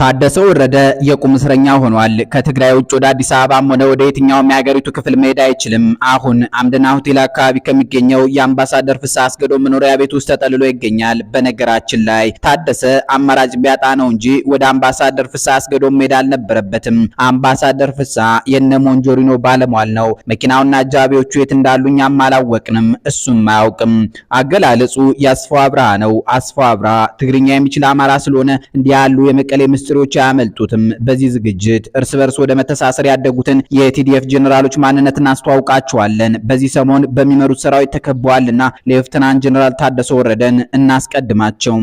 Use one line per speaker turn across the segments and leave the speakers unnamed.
ታደሰ ወረደ የቁም እስረኛ ሆኗል። ከትግራይ ውጭ ወደ አዲስ አበባም ሆነ ወደ የትኛውም የሀገሪቱ ክፍል መሄድ አይችልም። አሁን አምደና ሆቴል አካባቢ ከሚገኘው የአምባሳደር ፍስሐ አስገዶ መኖሪያ ቤት ውስጥ ተጠልሎ ይገኛል። በነገራችን ላይ ታደሰ አማራጭ ቢያጣ ነው እንጂ ወደ አምባሳደር ፍስሐ አስገዶ መሄድ አልነበረበትም። አምባሳደር ፍስሐ የነ ሞንጆሪኖ ባለሟል ነው። መኪናውና አጃቢዎቹ የት እንዳሉ እኛም አላወቅንም፣ እሱም አያውቅም። አገላለጹ የአስፋው አብርሃ ነው። አስፋው አብርሃ ትግርኛ የሚችል አማራ ስለሆነ እንዲህ ያሉ የመቀሌ ምስ ሚኒስትሮች አያመልጡትም። በዚህ ዝግጅት እርስ በርስ ወደ መተሳሰር ያደጉትን የቲዲኤፍ ጀኔራሎች ማንነት እናስተዋውቃቸዋለን በዚህ ሰሞን በሚመሩት ሰራዊት ተከበዋልና ሌፍትናንት ጀኔራል ታደሰ ወረደን እናስቀድማቸው።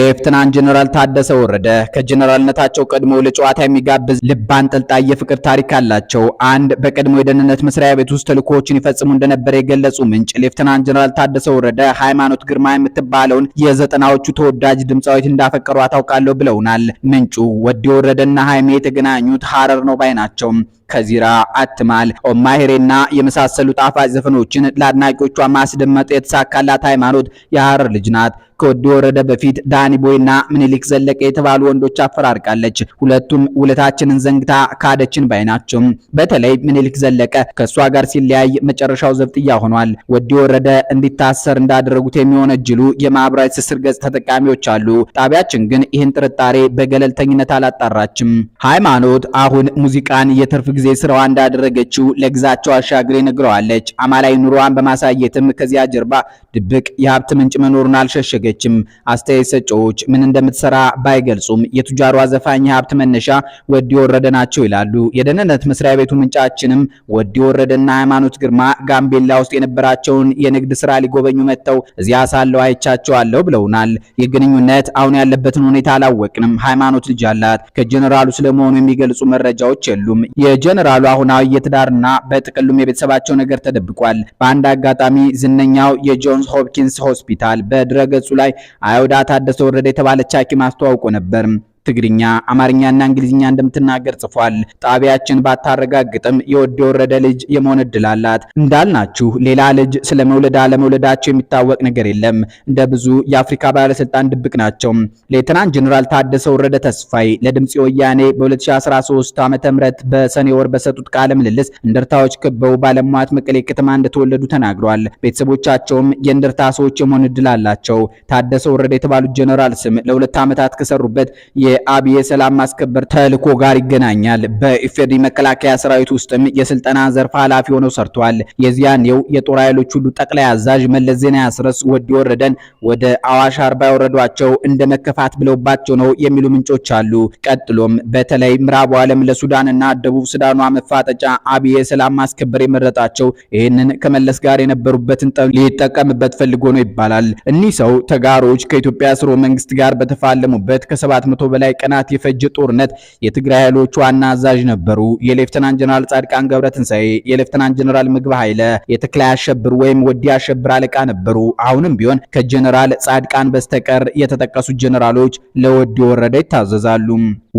ሌፍትናንት ጀኔራል ታደሰ ወረደ ከጀኔራልነታቸው ቀድሞ ለጨዋታ የሚጋብዝ ልብ አንጠልጣይ የፍቅር ታሪክ አላቸው። አንድ በቀድሞ የደህንነት መስሪያ ቤት ውስጥ ተልእኮዎችን ይፈጽሙ እንደነበረ የገለጹ ምንጭ ሌፍትናንት ጀኔራል ታደሰ ወረደ ሃይማኖት ግርማ የምትባለውን የዘጠናዎቹ ተወዳጅ ድምፃዊት እንዳፈቀሩ አታውቃለሁ ብለውናል ምንጩ ወዲ ወረደና ሃይሜ የተገናኙት ሀረር ነው ባይ ናቸው። ከዚራ አትማል ኦማሄሬና የመሳሰሉ ጣፋጭ ዘፈኖችን ለአድናቂዎቿ ማስደመጥ የተሳካላት ሃይማኖት የሀረር ልጅ ናት። ከወዲ ወረደ በፊት ዳኒ ቦይና ምኒልክ ዘለቀ የተባሉ ወንዶች አፈራርቃለች። ሁለቱም ውለታችንን ዘንግታ ካደችን ባይ ናቸው። በተለይ ምኒልክ ዘለቀ ከእሷ ጋር ሲለያይ መጨረሻው ዘብጥያ ሆኗል። ወዲ ወረደ እንዲታሰር እንዳደረጉት የሚወነጅሉ የማህበራዊ ትስስር ገጽ ተጠቃሚዎች አሉ። ጣቢያችን ግን ይህን ጥርጣሬ በገለልተኝነት አላጣራችም። ሃይማኖት አሁን ሙዚቃን የትርፍ ጊዜ ስራዋ እንዳደረገችው ለግዛቸው አሻግሬ ነግረዋለች። አማላይ ኑሯን በማሳየትም ከዚያ ጀርባ ድብቅ የሀብት ምንጭ መኖሩን አልሸሸገች። አልተዘገችም። አስተያየት ሰጪዎች ምን እንደምትሰራ ባይገልጹም የቱጃሯ ዘፋኝ ሀብት መነሻ ወዲ ወረደ ናቸው ይላሉ። የደህንነት መስሪያ ቤቱ ምንጫችንም ወዲ ወረደና ሃይማኖት ግርማ ጋምቤላ ውስጥ የነበራቸውን የንግድ ስራ ሊጎበኙ መጥተው እዚያ ሳለው አይቻቸዋለሁ ብለውናል። የግንኙነት አሁን ያለበትን ሁኔታ አላወቅንም። ሃይማኖት ልጅ አላት። ከጀነራሉ ስለመሆኑ የሚገልጹ መረጃዎች የሉም። የጀነራሉ አሁናዊ የትዳርና በጥቅሉም የቤተሰባቸው ነገር ተደብቋል። በአንድ አጋጣሚ ዝነኛው የጆንስ ሆፕኪንስ ሆስፒታል በድረገጹ ላይ አይሁዳ ታደሰ ወረደ የተባለች ሐኪም አስተዋውቆ ነበር። ትግርኛ፣ አማርኛና እንግሊዝኛ እንደምትናገር ጽፏል። ጣቢያችን ባታረጋግጥም የወደ ወረደ ልጅ የመሆን እድል አላት። እንዳልናችሁ ሌላ ልጅ ስለ መውለድ አለመውለዳቸው የሚታወቅ ነገር የለም። እንደ ብዙ የአፍሪካ ባለስልጣን ድብቅ ናቸው። ሌተናንት ጀኔራል ታደሰ ወረደ ተስፋይ ለድምፅ ወያኔ በ2013 ም በሰኔ ወር በሰጡት ቃለ ምልልስ እንደርታዎች ክበው ባለሟት መቀሌ ከተማ እንደተወለዱ ተናግሯል። ቤተሰቦቻቸውም የእንደርታ ሰዎች የመሆን እድል አላቸው። ታደሰ ወረደ የተባሉት ጀኔራል ስም ለሁለት ዓመታት ከሰሩበት የአብይ ሰላም ማስከበር ተልእኮ ጋር ይገናኛል። በኢፌዴሪ መከላከያ ሰራዊት ውስጥም የስልጠና ዘርፍ ኃላፊ ሆነው ሰርቷል። የዚያኔው የጦር ኃይሎች ሁሉ ጠቅላይ አዛዥ መለስ ዜና አስረስ ወዲ ወረደን ወደ አዋሽ አርባ ያወረዷቸው እንደ መከፋት ብለውባቸው ነው የሚሉ ምንጮች አሉ። ቀጥሎም በተለይ ምዕራቡ ዓለም ለሱዳንና ደቡብ ሱዳኗ መፋጠጫ አብይ የሰላም ማስከበር የመረጣቸው ይህንን ከመለስ ጋር የነበሩበትን ሊጠቀምበት ፈልጎ ነው ይባላል። እኒህ ሰው ተጋሮች ከኢትዮጵያ ስርወ መንግስት ጋር በተፋለሙበት ከሰባት መቶ በላይ ቀናት የፈጀ ጦርነት የትግራይ ኃይሎች ዋና አዛዥ ነበሩ። የሌፍተናንት ጀነራል ጻድቃን ገብረትንሳኤ፣ የሌፍተናንት ጀነራል ምግብ ኃይለ የተክላይ አሸብር ወይም ወዲ አሸብር አለቃ ነበሩ። አሁንም ቢሆን ከጀነራል ጻድቃን በስተቀር የተጠቀሱት ጀነራሎች ለወዲ ወረደ ይታዘዛሉ።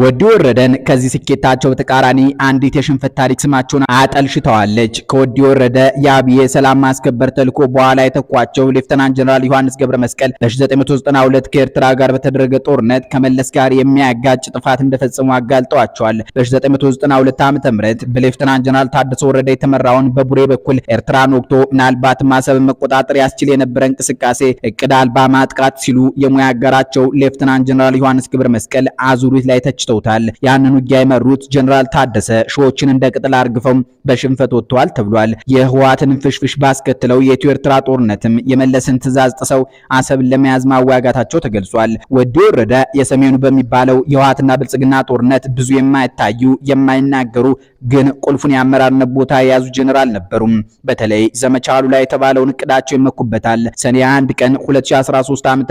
ወዲ ወረደን ከዚህ ስኬታቸው በተቃራኒ አንዲት የሽንፈት ታሪክ ስማቸውን አጠልሽተዋለች። ከወዲ ወረደ የአብዬ ሰላም ማስከበር ተልኮ በኋላ የተኳቸው ሌፍተናንት ጀነራል ዮሐንስ ገብረ መስቀል በ1992 ከኤርትራ ጋር በተደረገ ጦርነት ከመለስ ጋር የሚያጋጭ ጥፋት እንደፈጸሙ አጋልጠዋቸዋል። በ1992 ም በሌፍትናንት ጀነራል ታደሰ ወረደ የተመራውን በቡሬ በኩል ኤርትራን ወቅቶ ምናልባትም አሰብን መቆጣጠር ያስችል የነበረ እንቅስቃሴ እቅድ አልባ ማጥቃት ሲሉ የሙያ አጋራቸው ሌፍትናንት ጀነራል ዮሐንስ ግብረ መስቀል አዙሪት ላይ ተችተውታል። ያንን ውጊያ የመሩት ጀነራል ታደሰ ሺዎችን እንደ ቅጠል አርግፈው በሽንፈት ወጥተዋል ተብሏል። የህወሓትን ፍሽፍሽ ባስከትለው የኢትዮ ኤርትራ ጦርነትም የመለስን ትዕዛዝ ጥሰው አሰብን ለመያዝ ማዋጋታቸው ተገልጿል። ወዲ ወረደ የሰሜኑ በሚባል የተባለው የህወሓትና ብልጽግና ጦርነት ብዙ የማይታዩ የማይናገሩ ግን ቁልፉን የአመራርነት ቦታ የያዙ ጀነራል ነበሩም። በተለይ ዘመቻ አሉላ የተባለውን እቅዳቸው ይመኩበታል። ሰኔ 1 ቀን 2013 ዓ.ም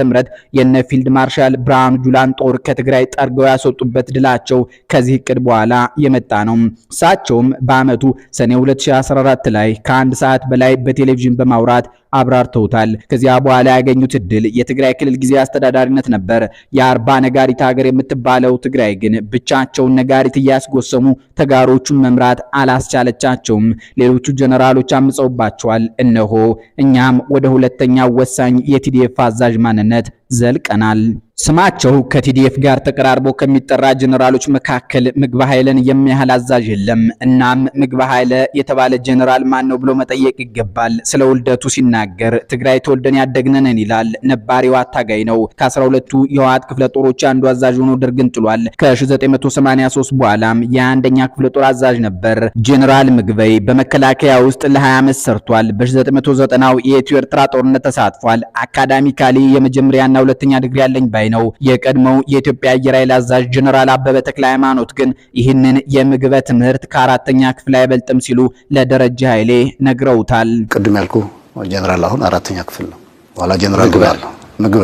የነ ፊልድ ማርሻል ብርሃኑ ጁላን ጦር ከትግራይ ጠርገው ያስወጡበት ድላቸው ከዚህ እቅድ በኋላ የመጣ ነው። እሳቸውም በአመቱ ሰኔ 2014 ላይ ከአንድ ሰዓት በላይ በቴሌቪዥን በማውራት አብራርተውታል። ከዚያ በኋላ ያገኙት እድል የትግራይ ክልል ጊዜ አስተዳዳሪነት ነበር። የአርባ ነጋሪት ሀገር የምትባለው ትግራይ ግን ብቻቸውን ነጋሪት እያስጎሰሙ ተጋሮቹን መምራት አላስቻለቻቸውም። ሌሎቹ ጀነራሎች አምፀውባቸዋል። እነሆ እኛም ወደ ሁለተኛው ወሳኝ የቲዲኤፍ አዛዥ ማንነት ዘልቀናል። ስማቸው ከቲዲኤፍ ጋር ተቀራርቦ ከሚጠራ ጀነራሎች መካከል ምግብ ኃይለን የሚያህል አዛዥ የለም። እናም ምግብ ኃይለ የተባለ ጀነራል ማን ነው ብሎ መጠየቅ ይገባል። ስለ ውልደቱ ሲናገር ትግራይ ተወልደን ያደግነንን ይላል። ነባሪው አታጋይ ነው። ከ12ቱ የህወሓት ክፍለ ጦሮች አንዱ አዛዥ ሆኖ ደርግን ጥሏል። ከ1983 በኋላም የአንደኛ ክፍለ ጦር አዛዥ ነበር። ጀነራል ምግበይ በመከላከያ ውስጥ ለ20 ዓመት ሰርቷል። 1990 የኢትዮ ኤርትራ ጦርነት ተሳትፏል። አካዳሚካሊ የመጀመሪያና ሁለተኛ ዲግሪ ያለኝ ባይ ነው። የቀድሞው የኢትዮጵያ አየር ኃይል አዛዥ ጀነራል አበበ ተክለ ሃይማኖት ግን ይህንን የምግበ ትምህርት ከአራተኛ ክፍል አይበልጥም ሲሉ ለደረጀ ኃይሌ ነግረውታል።
ቅድም ያልኩ ጀነራል አሁን አራተኛ ክፍል ነው። ኋላ ጀነራል ምግብ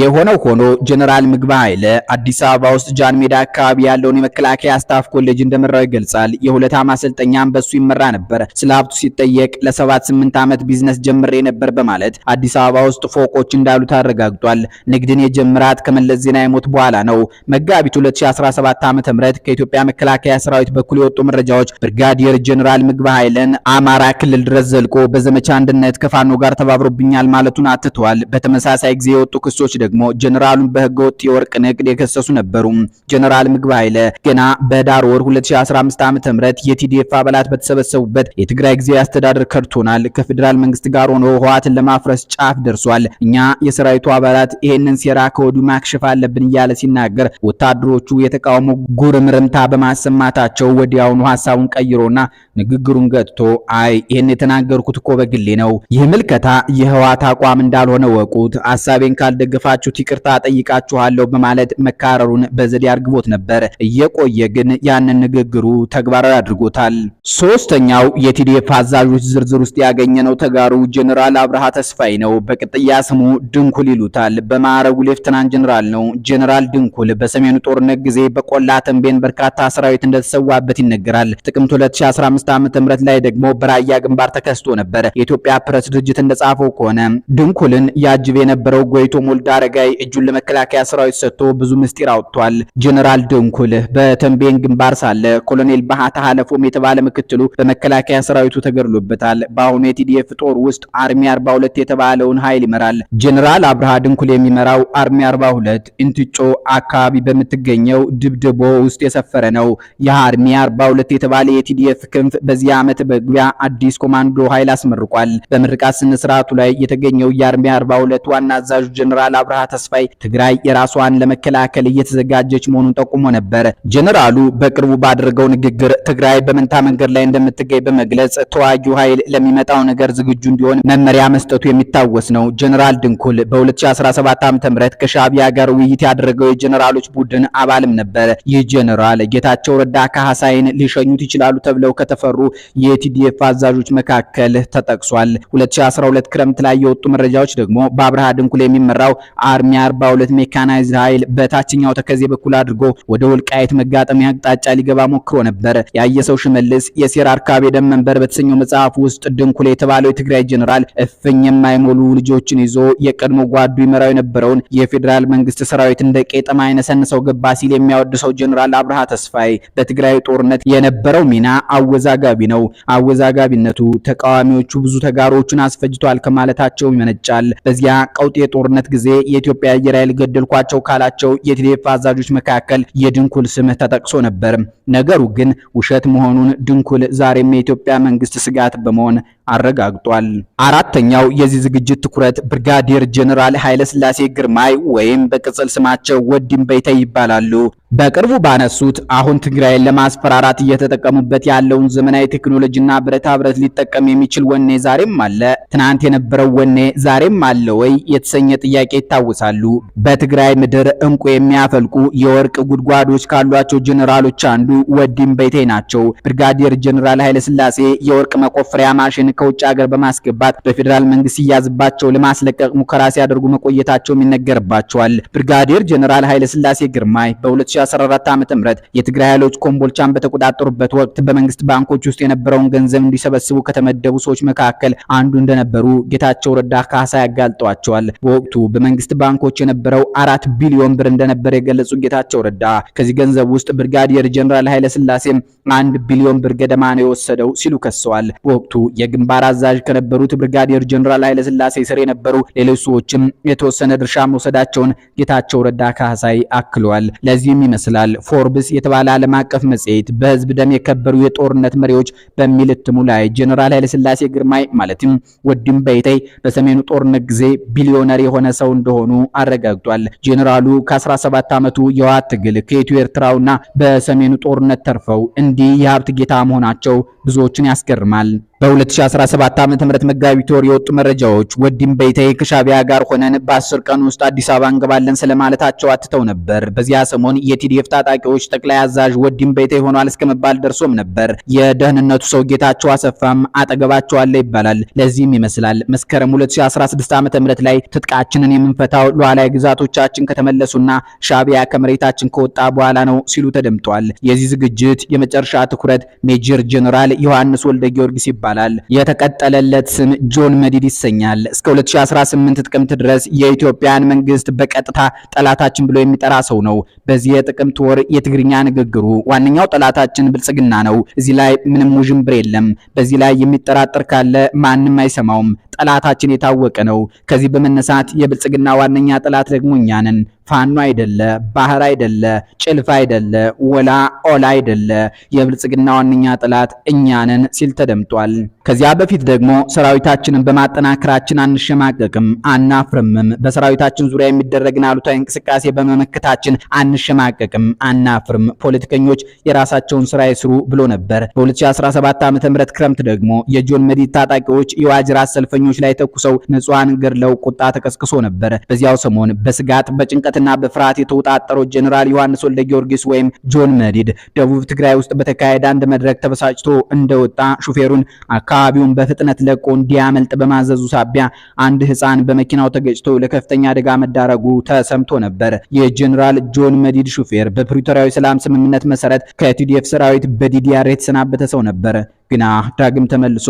የሆነው ሆኖ ጀነራል ምግባ ኃይለ አዲስ አበባ ውስጥ ጃን ሜዳ አካባቢ ያለውን የመከላከያ ስታፍ ኮሌጅ እንደመራው ይገልጻል። የሁለት ማሰልጠኛም በሱ ይመራ ነበር። ስለ ሀብቱ ሲጠየቅ ለሰባት ስምንት ዓመት ቢዝነስ ጀምሬ ነበር በማለት አዲስ አበባ ውስጥ ፎቆች እንዳሉት አረጋግጧል። ንግድን የጀምራት ከመለስ ዜናዊ ሞት በኋላ ነው። መጋቢት 2017 ዓ.ም ከኢትዮጵያ መከላከያ ሰራዊት በኩል የወጡ መረጃዎች ብርጋዲየር ጀነራል ምግባ ኃይለን አማራ ክልል ድረስ ዘልቆ በዘመቻ አንድነት ከፋኖ ጋር ተባብሮብኛል ማለቱን አትተዋል። በተመሳሳይ ጊዜ የወጡ ክሶች ደግሞ ጀነራሉን በህገወጥ የወርቅ ንግድ የከሰሱ ነበሩ። ጀነራል ምግብ ኃይለ ገና በዳር ወር 2015 ዓ.ም የቲዲኤፍ አባላት በተሰበሰቡበት የትግራይ ግዜ አስተዳደር ከድቶናል፣ ከፌዴራል መንግስት ጋር ሆኖ ህወሓትን ለማፍረስ ጫፍ ደርሷል፣ እኛ የሰራዊቱ አባላት ይህንን ሴራ ከወዲሁ ማክሸፍ አለብን እያለ ሲናገር ወታደሮቹ የተቃውሞ ጉርምርምታ በማሰማታቸው ወዲያውኑ ሀሳቡን ቀይሮና ንግግሩን ገጥቶ አይ ይህን የተናገርኩት እኮ በግሌ ነው። ይህ ምልከታ የህዋት አቋም እንዳልሆነ ወቁት። ሀሳቤን ካልደገፋችሁት ይቅርታ ጠይቃችኋለሁ በማለት መካረሩን በዘዴ አርግቦት ነበር። እየቆየ ግን ያንን ንግግሩ ተግባራዊ አድርጎታል። ሶስተኛው የቲዲኤፍ አዛዦች ዝርዝር ውስጥ ያገኘነው ተጋሩ ጀኔራል አብርሃ ተስፋይ ነው። በቅጥያ ስሙ ድንኩል ይሉታል። በማዕረጉ ሌፍትናንት ጀኔራል ነው። ጀኔራል ድንኩል በሰሜኑ ጦርነት ጊዜ በቆላ ተንቤን በርካታ ሰራዊት እንደተሰዋበት ይነገራል። ጥቅምት 2015 2015 ዓ.ም ላይ ደግሞ በራያ ግንባር ተከስቶ ነበር። የኢትዮጵያ ፕሬስ ድርጅት እንደጻፈው ከሆነ ድንኩልን ያጅብ የነበረው ጎይቶ ሞልድ አረጋይ እጁን ለመከላከያ ሰራዊት ሰጥቶ ብዙ ምስጢር አውጥቷል። ጀነራል ድንኩል በተንቤን ግንባር ሳለ ኮሎኔል ባህታ ሀለፎም የተባለ ምክትሉ በመከላከያ ሰራዊቱ ተገድሎበታል። በአሁኑ የቲዲኤፍ ጦር ውስጥ አርሚ 42 የተባለውን ኃይል ይመራል። ጀነራል አብርሃ ድንኩል የሚመራው አርሚ 42 ኢንትጮ አካባቢ በምትገኘው ድብድቦ ውስጥ የሰፈረ ነው። ይህ አርሚ 42 የተባለ የቲዲኤፍ ክንፍ በዚህ ዓመት በግቢያ አዲስ ኮማንዶ ኃይል አስመርቋል። በምርቃት ስነ ስርዓቱ ላይ የተገኘው የአርሚ 42 ዋና አዛዥ ጀነራል አብርሃ ተስፋይ ትግራይ የራሷን ለመከላከል እየተዘጋጀች መሆኑን ጠቁሞ ነበር። ጀነራሉ በቅርቡ ባደረገው ንግግር ትግራይ በመንታ መንገድ ላይ እንደምትገኝ በመግለጽ ተዋጊው ኃይል ለሚመጣው ነገር ዝግጁ እንዲሆን መመሪያ መስጠቱ የሚታወስ ነው። ጀነራል ድንኩል በ2017 ም ከሻቢያ ጋር ውይይት ያደረገው የጀነራሎች ቡድን አባልም ነበር። ይህ ጀነራል ጌታቸው ረዳ ካህሳይን ሊሸኙት ይችላሉ ተብለው ከተፈ ካስፈሩ የቲዲኤፍ አዛዦች መካከል ተጠቅሷል። 2012 ክረምት ላይ የወጡ መረጃዎች ደግሞ በአብርሃ ድንኩል የሚመራው አርሚ 42 ሜካናይዝድ ኃይል በታችኛው ተከዜ በኩል አድርጎ ወደ ወልቃይት መጋጠሚያ አቅጣጫ ሊገባ ሞክሮ ነበር። ያየሰው ሽመልስ የሴር አርካብ የደም መንበር በተሰኘው መጽሐፍ ውስጥ ድንኩል የተባለው የትግራይ ጀኔራል እፍኝ የማይሞሉ ልጆችን ይዞ የቀድሞ ጓዱ ይመራው የነበረውን የፌዴራል መንግስት ሰራዊት እንደ ቄጠማ የነሰንሰው ገባ ሲል የሚያወድሰው ጀኔራል አብርሃ ተስፋይ በትግራይ ጦርነት የነበረው ሚና አወዛ አወዛጋቢ ነው። አወዛጋቢነቱ ተቃዋሚዎቹ ብዙ ተጋሮችን አስፈጅቷል ከማለታቸው ይመነጫል። በዚያ ቀውጤ ጦርነት ጊዜ የኢትዮጵያ አየር ኃይል ገደልኳቸው ካላቸው የቲዲኤፍ አዛዦች መካከል የድንኩል ስም ተጠቅሶ ነበር። ነገሩ ግን ውሸት መሆኑን ድንኩል ዛሬም የኢትዮጵያ መንግስት ስጋት በመሆን አረጋግጧል። አራተኛው የዚህ ዝግጅት ትኩረት ብርጋዴር ጀነራል ኃይለስላሴ ግርማይ ወይም በቅጽል ስማቸው ወዲም በይተይ ይባላሉ። በቅርቡ ባነሱት አሁን ትግራይን ለማስፈራራት እየተጠቀሙበት ያለውን ዘመናዊ ቴክኖሎጂና ብረታ ብረት ሊጠቀም የሚችል ወኔ ዛሬም አለ። ትናንት የነበረው ወኔ ዛሬም አለ ወይ የተሰኘ ጥያቄ ይታወሳሉ። በትግራይ ምድር እንቁ የሚያፈልቁ የወርቅ ጉድጓዶች ካሏቸው ጀኔራሎች አንዱ ወዲም በይቴ ናቸው። ብርጋዴር ጀኔራል ስላሴ የወርቅ መቆፈሪያ ማሽን ከውጭ ሀገር በማስገባት በፌዴራል መንግስት ሲያዝባቸው ለማስለቀቅ ሙከራ ሲያደርጉ መቆየታቸውም ይነገርባቸዋል። ብርጋዴር ጀኔራል ስላሴ ግርማይ በ2014 .ም የትግራይ ኃይሎች ኮምቦልቻን በተቆጣጠሩበት ወቅት በመንግስት ባንኮች ባንኮች ውስጥ የነበረውን ገንዘብ እንዲሰበስቡ ከተመደቡ ሰዎች መካከል አንዱ እንደነበሩ ጌታቸው ረዳ ካሳ ያጋልጧቸዋል። በወቅቱ በመንግስት ባንኮች የነበረው አራት ቢሊዮን ብር እንደነበረ የገለጹ ጌታቸው ረዳ ከዚህ ገንዘብ ውስጥ ብርጋዲየር ጀኔራል ስላሴም አንድ ቢሊዮን ብር ገደማ ነው የወሰደው ሲሉ ከሰዋል። በወቅቱ የግንባር አዛዥ ከነበሩት ብርጋዲየር ጀኔራል ኃይለስላሴ ስር የነበሩ ሌሎች ሰዎችም የተወሰነ ድርሻ መውሰዳቸውን ጌታቸው ረዳ ካሳይ አክሏል። ለዚህም ይመስላል ፎርብስ የተባለ ዓለም አቀፍ መጽሔት በህዝብ ደም የከበሩ የጦርነት የጦርነት መሪዎች በሚል እትሙ ላይ ጀነራል ኃይለስላሴ ግርማይ ማለትም ወዲም በይታይ በሰሜኑ ጦርነት ጊዜ ቢሊዮነር የሆነ ሰው እንደሆኑ አረጋግጧል። ጀነራሉ ከ17 ዓመቱ የህወሓት ትግል ከኢትዮ ኤርትራውና በሰሜኑ ጦርነት ተርፈው እንዲህ የሀብት ጌታ መሆናቸው ብዙዎችን ያስገርማል። በ2017 ዓ.ም መጋቢት ወር የወጡ መረጃዎች ወዲም በይተይ ከሻቢያ ጋር ሆነን በአስር ቀን ውስጥ አዲስ አበባ እንገባለን ስለማለታቸው አትተው ነበር። በዚያ ሰሞን የቲዲኤፍ ታጣቂዎች ጠቅላይ አዛዥ ወዲም በይተይ ሆኗል እስከመባል ደርሶም ነበር። የደህንነቱ ሰው ጌታቸው አሰፋም አጠገባቸው አለ ይባላል። ለዚህም ይመስላል መስከረም 2016 ዓ.ም ላይ ትጥቃችንን የምንፈታው ሉዓላዊ ግዛቶቻችን ከተመለሱና ሻቢያ ከመሬታችን ከወጣ በኋላ ነው ሲሉ ተደምጧል። የዚህ ዝግጅት የመጨረሻ ትኩረት ሜጀር ጀነራል ዮሐንስ ወልደ ጊዮርጊስ ይባላል። ይባላል። የተቀጠለለት ስም ጆን መዲድ ይሰኛል። እስከ 2018 ጥቅምት ድረስ የኢትዮጵያን መንግስት በቀጥታ ጠላታችን ብሎ የሚጠራ ሰው ነው። በዚህ የጥቅምት ወር የትግርኛ ንግግሩ ዋነኛው ጠላታችን ብልጽግና ነው። እዚህ ላይ ምንም ውዥንብር የለም። በዚህ ላይ የሚጠራጠር ካለ ማንም አይሰማውም። ጠላታችን የታወቀ ነው። ከዚህ በመነሳት የብልጽግና ዋነኛ ጠላት ደግሞ እኛ ነን። ፋኖ አይደለ፣ ባህር አይደለ፣ ጭልፍ አይደለ፣ ወላ ኦላ አይደለ። የብልጽግና ዋነኛ ጠላት እኛ ነን ሲል ተደምጧል። ከዚያ በፊት ደግሞ ሰራዊታችንን በማጠናከራችን አንሸማቀቅም፣ አናፍርምም። በሰራዊታችን ዙሪያ የሚደረግን አሉታዊ እንቅስቃሴ በመመከታችን አንሸማቀቅም፣ አናፍርም። ፖለቲከኞች የራሳቸውን ስራ ይስሩ ብሎ ነበር። በ2017 ዓ.ም ክረምት ደግሞ የጆን መዲድ ታጣቂዎች የዋጅራት ሰልፈኞች ላይ ተኩሰው ንጹሐን ገድለው ቁጣ ተቀስቅሶ ነበር። በዚያው ሰሞን በስጋት በጭንቀትና በፍርሃት የተውጣጠረው ጀኔራል ዮሐንስ ወልደ ጊዮርጊስ ወይም ጆን መዲድ ደቡብ ትግራይ ውስጥ በተካሄደ አንድ መድረክ ተበሳጭቶ እንደወጣ ሹፌሩን አካባቢውን በፍጥነት ለቆ እንዲያመልጥ በማዘዙ ሳቢያ አንድ ህፃን በመኪናው ተገጭቶ ለከፍተኛ አደጋ መዳረጉ ተሰምቶ ነበር። የጀኔራል ጆን መዲድ ሹፌር በፕሪቶሪያዊ ሰላም ስምምነት መሰረት ከቲዲኤፍ ሰራዊት በዲዲአር የተሰናበተ ሰው ነበር። ግና ዳግም ተመልሶ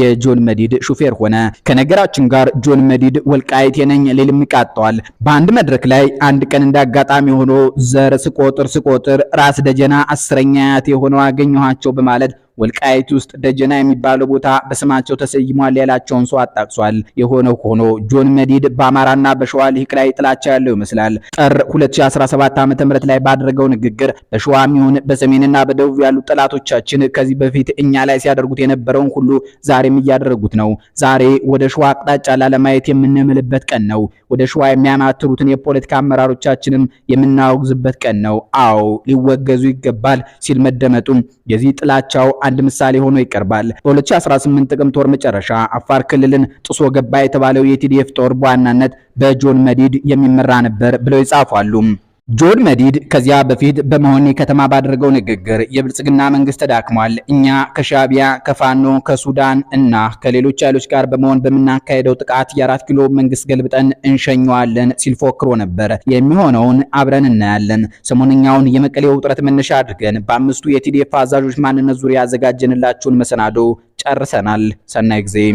የጆን መዲድ ሹፌር ሆነ። ከነገራችን ጋር ጆን መዲድ ወልቃይት የነኝ ሊልም ይቃጣዋል። በአንድ መድረክ ላይ አንድ ቀን እንዳጋጣሚ ሆኖ ዘር ስቆጥር ስቆጥር ራስ ደጀና አስረኛ አያቴ አገኘኋቸው በማለት ወልቃይት ውስጥ ደጀና የሚባለው ቦታ በስማቸው ተሰይሟል ያላቸውን ሰው አጣቅሷል። የሆነ ሆኖ ጆን መዲድ በአማራና በሸዋ ሊቅ ላይ ጥላቻ ያለው ይመስላል። ጥር 2017 ም ላይ ባደረገው ንግግር በሸዋም ይሁን በሰሜንና በደቡብ ያሉ ጠላቶቻችን ከዚህ በፊት እኛ ላይ ሲያደርጉት የነበረውን ሁሉ ዛሬም እያደረጉት ነው። ዛሬ ወደ ሸዋ አቅጣጫ ላለማየት የምንምልበት ቀን ነው። ወደ ሸዋ የሚያማትሩትን የፖለቲካ አመራሮቻችንም የምናወግዝበት ቀን ነው። አዎ ሊወገዙ ይገባል ሲል መደመጡም የዚህ ጥላቻው አንድ ምሳሌ ሆኖ ይቀርባል። በ2018 ጥቅምት ወር መጨረሻ አፋር ክልልን ጥሶ ገባ የተባለው የቲዲኤፍ ጦር በዋናነት በጆን መዲድ የሚመራ ነበር ብለው ይጻፋሉ። ጆን መዲድ ከዚያ በፊት በመሆን ከተማ ባደረገው ንግግር የብልጽግና መንግስት ተዳክሟል፣ እኛ ከሻቢያ ከፋኖ ከሱዳን እና ከሌሎች ኃይሎች ጋር በመሆን በምናካሄደው ጥቃት የአራት ኪሎ መንግስት ገልብጠን እንሸኘዋለን ሲል ፎክሮ ነበር። የሚሆነውን አብረን እናያለን። ሰሞንኛውን የመቀሌው ውጥረት መነሻ አድርገን በአምስቱ የቲዲኤፍ አዛዦች ማንነት ዙሪያ ያዘጋጀንላችሁን መሰናዶ ጨርሰናል። ሰናይ ጊዜ